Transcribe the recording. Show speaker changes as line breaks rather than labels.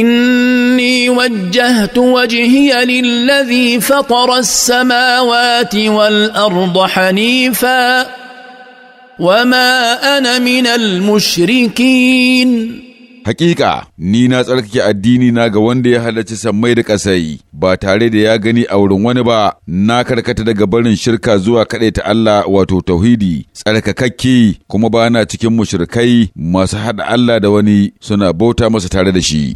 اني وجهت وجهي للذي فطر السماوات والارض حنيفا وما انا من المشركين
Hakika, ni na tsarkake
addini na ga wanda ya halarci sammai da ƙasai, ba tare da ya gani a wurin wani ba, na karkata daga barin shirka zuwa kaɗai ta Allah wato tauhidi, tsarkakakke kuma ba na cikin mushrikai masu haɗa Allah da wani suna bauta masa tare da shi.